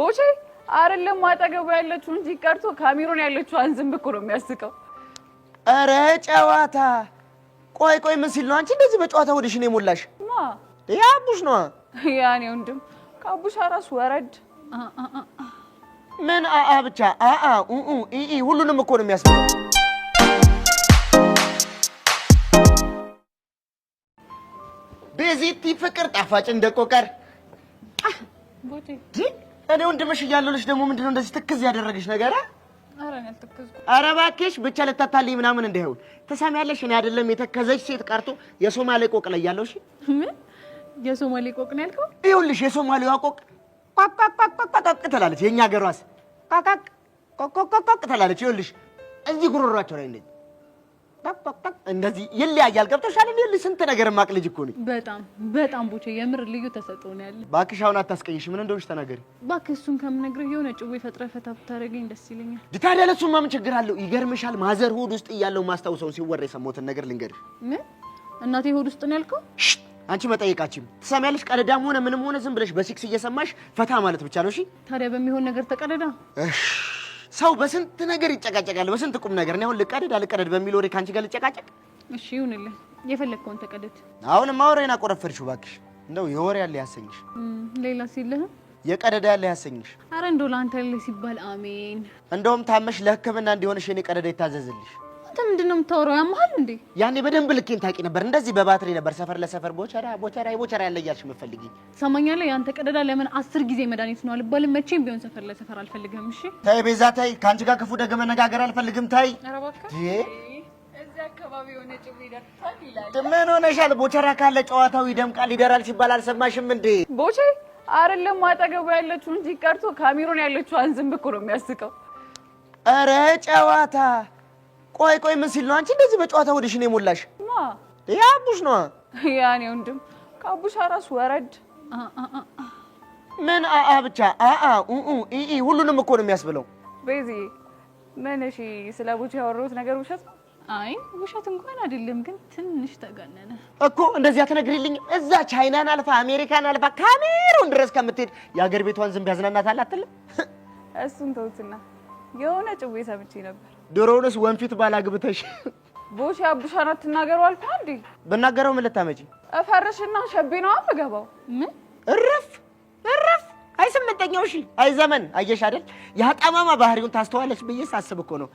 ቦቼ አይደለም አጠገቡ ያለችው እንጂ ቀርቶ ካሜሮን ያለችው አንዝም እኮ ነው የሚያስቀው። ኧረ ጨዋታ። ቆይ ቆይ፣ ምን ሲል ነው አንቺ እንደዚህ በጨዋታ ነው የሞላሽ? ማ ያ አቡሽ ነዋ። ያኔ ወንድም ከአቡሽ አራስ ወረድ። ምን አአ ብቻ አአ ኡኡ ኢኢ ሁሉንም እኮ ነው የሚያስበው። ቤዚቲ ፍቅር ጣፋጭ እንደቆቀር ቦቴ እኔ ወንድምሽ እያለሁ ልጅ ደግሞ ምንድነው እንደዚህ ትክዝ ያደረገሽ ነገር? አረ እባክሽ ብቻ ልታታልኝ ምናምን እንዳይሆን ትሰሚያለሽ። እኔ አይደለም የተከዘች ሴት ቀርቶ የሶማሌ ቆቅ ላይ ያለው እሺ፣ የሶማሌ ቆቅ ነው ያልከው? ይኸውልሽ የሶማሌዋ ቆቅ ቋቋቋቋቋቋ ትላለች፣ የእኛ ሀገሯስ ቋቋቋቋቋ ትላለች። ይኸውልሽ እዚህ ጉሮሯቸው ላይ እንደዚህ እንደዚህ ይለያያል። ገብቶሻል? እኔ ስንት ነገር ማቅ ልጅ እኮ ነኝ። በጣም በጣም ቦቼ፣ የምር ልዩ ተሰጥኦ ነው ያለ። እባክሽ አሁን አታስቀይሽ። ምን እንደሆነሽ ተናገሪ እባክህ። እሱን ከምነግርህ የሆነ ጭዌ ፈጥረህ ፈታ ብታደርገኝ ደስ ይለኛል። ታዲያ ለእሱማ ምን ችግር አለው? ይገርምሻል፣ ማዘር ሆድ ውስጥ እያለው ማስታውሰውን ሲወራ የሰማሁትን ነገር ልንገርሽ። ምን እናቴ ሆድ ውስጥ ነው ያልከው? አንቺ መጠየቃችም ትሰሚያለሽ። ቀደዳም ሆነ ምንም ሆነ ዝም ብለሽ በሲክስ እየሰማሽ ፈታ ማለት ብቻ ነው። እሺ ታዲያ በሚሆን ነገር ተቀደዳ። እሺ ሰው በስንት ነገር ይጨቃጨቃል፣ በስንት ቁም ነገር። እኔ አሁን ልቀደድ አልቀደድ በሚል ወሬ ከአንቺ ጋር ልጨቃጨቅ? እሺ ይሁንልህ፣ የፈለግከውን ተቀደድ። አሁንማ ወሬን አቆረፈድሽው እባክሽ። እንደው የወሬ ያለ ያሰኝሽ፣ ሌላ ሲልህ የቀደደ ያለ ያሰኝሽ። አረ እንደው ለአንተ ያለ ሲባል አሜን። እንደውም ታመሽ ለሕክምና እንዲሆንሽ የኔ ቀደደ ይታዘዝልሽ። ምንድን ነው የምታወራው? ያመሃል እንዴ? ያኔ በደንብ ልኬን ታውቂ ነበር። እንደዚህ በባትሪ ነበር ሰፈር ለሰፈር ቦቸራ ቦቸራ ቦቸራ ያለ እያልሽ የምትፈልጊ። ትሰማኛለህ? የአንተ ቀደዳ ለምን አስር ጊዜ መድኃኒት ነው አልባልም። መቼም ቢሆን ሰፈር ለሰፈር አልፈልግም። እሺ ተይ ቤዛ ተይ። ከአንቺ ጋር ክፉ ደግ መነጋገር አልፈልግም። ታይ ምን ሆነሻል? ቦቸራ ካለ ጨዋታው ይደምቃል ይደራል ሲባል አልሰማሽም እንዴ? ቦቼ አይደለም አጠገቡ ያለችው እንጂ ቀርቶ ካሜሮን ያለችው አንዝም ብኮ ነው የሚያስቀው። ኧረ ጨዋታ ቆይ ቆይ፣ ምን ሲል ነው አንቺ እንደዚህ በጨዋታ ነው የሞላሽ? ማ ያ አቡሽ ነው ያኔ ወንድም ከአቡሽ አራስ ወረድ ምን አአ ብቻ አአ ኡኡ ኢኢ ሁሉንም እኮ ነው የሚያስብለው። ቤዚ ምን እሺ፣ ስለ ቡቺ ነገር ውሸት አይ ውሸት እንኳን አይደለም፣ ግን ትንሽ ተጋነነ እኮ። እንደዚህ አትነግሪልኝ። እዛ ቻይናን አልፋ አሜሪካን አልፋ ካሜሩን ድረስ ከምትሄድ የአገር ቤቷን ዝንብ ያዝናናታል አትልም? እሱን ተውትና የሆነ ጭዌ ሰምቼ ነበር ድሮውንስ ወንፊት ባላግብተሽ ቦሽ አቡሻን አትናገሩ አልኩ። አንዴ ብናገረው ምን ልታመጪ? እፈርሽና ሸቤ ነው የምገባው። ምን እረፍ እረፍ። አይ ስምንተኛው ሺ አይ ዘመን አየሽ አይደል? የጠማማ ባህሪውን ታስተዋለች ብዬ ሳስብ እኮ ነው።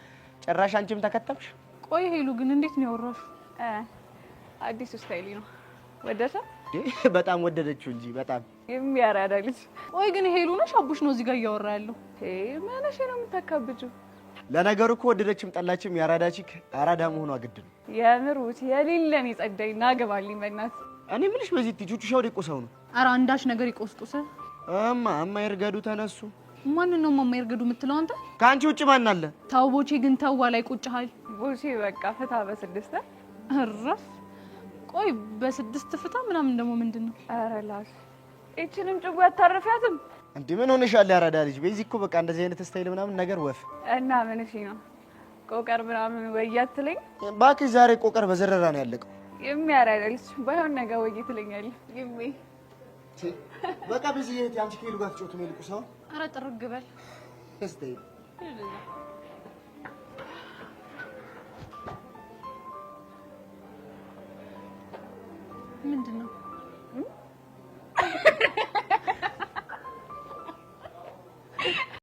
ጭራሽ አንቺም ተከተብሽ። ቆይ ሄሉ ግን እንዴት ነው ያወራሽ? አዲሱ ስታይል ነው ወደደ። በጣም ወደደችው እንጂ በጣም የሚያራዳ ልጅ። ቆይ ግን ሄሉ ነሽ አቡሽ ነው እዚህ ጋር እያወራ ያለው? መነሽ ነው የምታካብጂው ለነገሩ እኮ ወደደችም ጠላችም የአራዳ ቺክ አራዳ መሆኗ ግድ ነው። የምሩት የሌለን የጸዳይ ናገባልኝ በእናት እኔ ምንሽ በዚህ ቲቹቹ ሻውድ ይቆሰው ነው። ኧረ አንዳች ነገር ይቆስቁሰ እማ እማ ይርገዱ ተነሱ። ማን ነው እማማ ይርገዱ የምትለው አንተ? ከአንቺ ውጭ ማን አለ? ተው ቦቼ፣ ግን ተዋ ላይ ቁጭሃል ቦቼ። በቃ ፍታ በስድስት እረፍ። ቆይ በስድስት ፍታ ምናምን ደግሞ ምንድን ነው? ኧረ ላሽ ይችንም ጭጓ አታረፊያትም እንዴ ምን ሆነሻል? ያራዳ ልጅ በዚህ እኮ በቃ እንደዚህ አይነት ስታይል ምናምን ነገር ወፍ እና ምን እሺ ነው ቆቀር ምናምን ወይ አትለኝ እባክሽ። ዛሬ ቆቀር በዘረራ ነው ያለቀው። የሚያራዳ ልጅ ባይሆን ነገር ወይ ትለኛለህ። ይሜ በቃ በዚህ ይሄት አንቺ ከሄሉ ጋር ትጮት ነው ልቁ ሰው አረ ጥርግ በል እስቲ ምንድን ነው